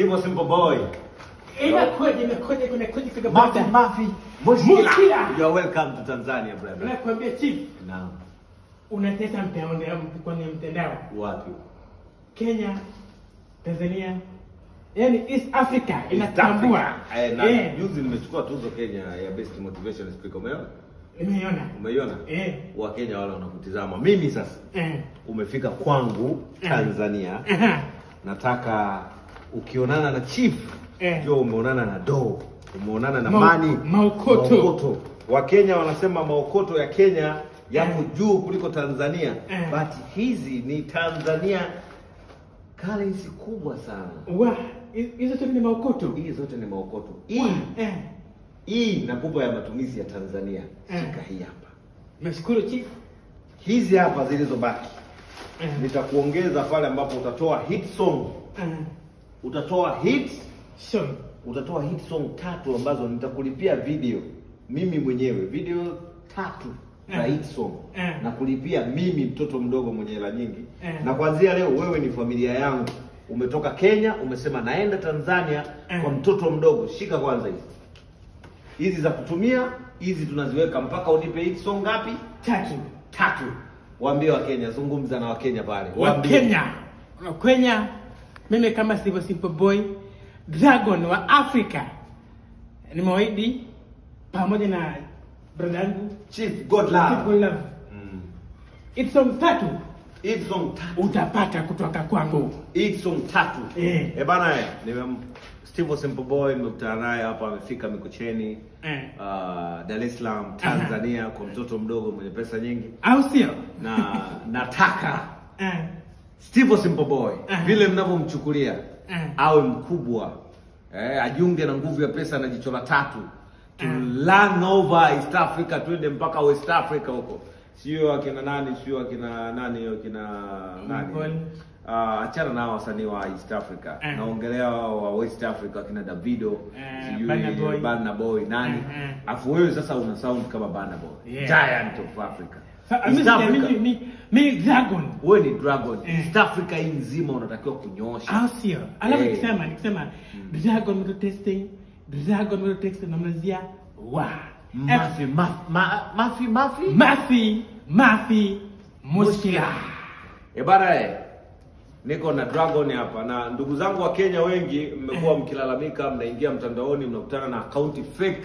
He was a boy. Mafi, mafi. You are welcome to Tanzania, brother. Nakwambia chief. Naam. Unatesa mtandao kwenye mtandao. Wapi? Kenya, Tanzania, yani East Africa inatambua. Eh, na eh. juzi nimechukua tuzo Kenya ya best motivation speaker. Umeona? Nimeiona. Umeiona? Eh. Wa Kenya wale wanakutizama. Mimi sasa. Eh. Umefika kwangu eh. Tanzania. Eh. Nataka ukionana na chief eh, umeonana na doo, umeonana na Ma mani maokoto. Maokoto Wakenya wanasema maokoto ya Kenya yako eh, juu kuliko Tanzania eh, but hizi ni Tanzania currency kubwa sana. Wa hizo zote ni maokoto, hizo zote ni maokoto hii eh, hii na kubwa ya matumizi ya Tanzania eh, shika hii hapa. Nashukuru chief, hizi hapa zilizobaki eh, nitakuongeza pale ambapo utatoa hit song eh utatoa hit song, utatoa hit song tatu ambazo nitakulipia video mimi mwenyewe, video tatu za eh. hit song eh. na kulipia mimi mtoto mdogo mwenye hela nyingi. Eh. Na kuanzia leo wewe ni familia yangu. Umetoka Kenya, umesema naenda Tanzania kwa mtoto mdogo. Shika kwanza hizi hizi za kutumia hizi tunaziweka mpaka unipe hit song ngapi? Tatu. Tatu. Waambie Wakenya, zungumza na Wakenya pale. Wakenya. Wakenya. Mimi kama sivyo Simple Boy Dragon wa Africa nimewaidi pamoja na brother yangu Chief God Love. Chief God Love. Mm. It's on tatu It's on tatu utapata kutoka kwangu It's on tatu eh. Eh bana, eh, nime Steve Simple Boy nimekutana naye hapa, amefika Mikocheni eh, uh, Dar es Salaam Tanzania, kwa mtoto mdogo mwenye pesa nyingi, au sio? na nataka eh Steve Simple Boy eh. vile mnavyomchukulia eh. awe mkubwa eh, ajiunge na nguvu ya pesa na jicho la tatu to eh. run over East Africa, twende mpaka West Africa huko, sio akina nani, sio akina nani, akina nani Uh, achana na wasanii wa East Africa uh -huh. Naongelea wa West Africa akina Davido uh, Boy. Burna Boy nani uh -huh. Afu wewe sasa una sound kama Burna Boy yeah. Giant of Africa wewe ni dragon East eh. Africa hii nzima unatakiwa kunyoosha, au ah, sio? Alafu eh. nikisema nikisema mm. dragon testing dragon testing namnazia mafi mafi mafi mafi mafi mushkila eh, eh. Niko na Dragon hapa na ndugu zangu wa Kenya wengi mmekuwa mkilalamika, mnaingia mtandaoni mnakutana na akaunti fake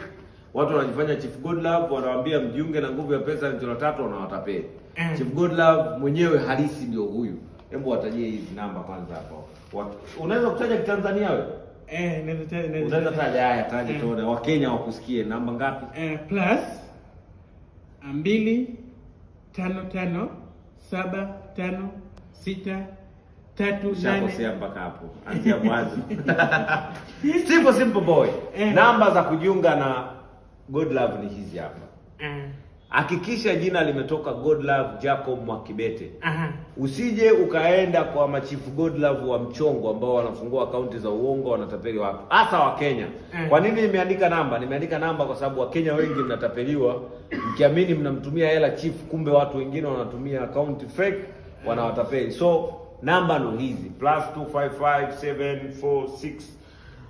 watu wanajifanya Chief Godlove, wanawaambia mjiunge na nguvu ya pesa ndio tatu, na wanawatapeli mm. Chief Godlove mwenyewe halisi ndio huyu. Hebu watajie hizi namba kwanza hapo, unaweza kutaja kitanzania wewe? Eh, unaweza taja. Haya, taja eh, mm. tuone wa Kenya wakusikie. Namba ngapi? Eh, plus mbili tano tano saba tano sita mpaka hapo, anzia mwanzo. Simple simple boy, eh. namba za kujiunga na God Love ni hizi hapa mm. Hakikisha jina limetoka God Love Jacob Mwakibete. Aha. Usije ukaenda kwa machifu God Love wa mchongo ambao wanafungua akaunti za uongo wanatapeli watu, hasa wa Kenya. Mm. Kwa nini nimeandika namba? Nimeandika namba kwa sababu Wakenya wengi mnatapeliwa mkiamini mnamtumia hela chifu, kumbe watu wengine wanatumia akaunti fake wanawatapeli. So namba ndo hizi plus 255746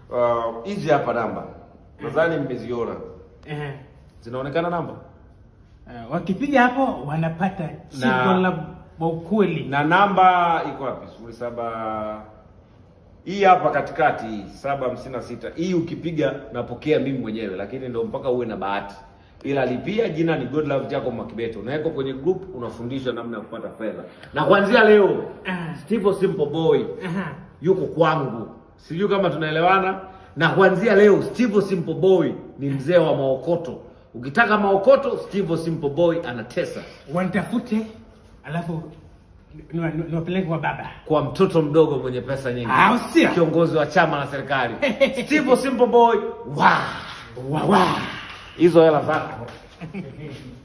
uh, hizi hapa namba nadhani mmeziona eh, zinaonekana namba eh, wakipiga hapo wanapata siko la ukweli. Na namba iko wapi? sifuri saba hii hapa katikati saba hamsini na sita hii ukipiga napokea mimi mwenyewe, lakini ndio mpaka uwe na bahati. Ila lipia, jina ni Love Jacob Makibete, unawekwa kwenye group, unafundishwa namna ya kupata fedha. Na kuanzia leo Steve Simple Boy yuko kwangu, sijui kama tunaelewana na kuanzia leo Steve Simple Boy ni mzee wa maokoto. Ukitaka maokoto, Steve Simple Boy anatesa. Wanitafute alafu niwapeleke kwa baba, kwa mtoto mdogo mwenye pesa nyingi, ah, kiongozi wa chama na serikali Steve Simple Boy. Wa wa wa, hizo hela zako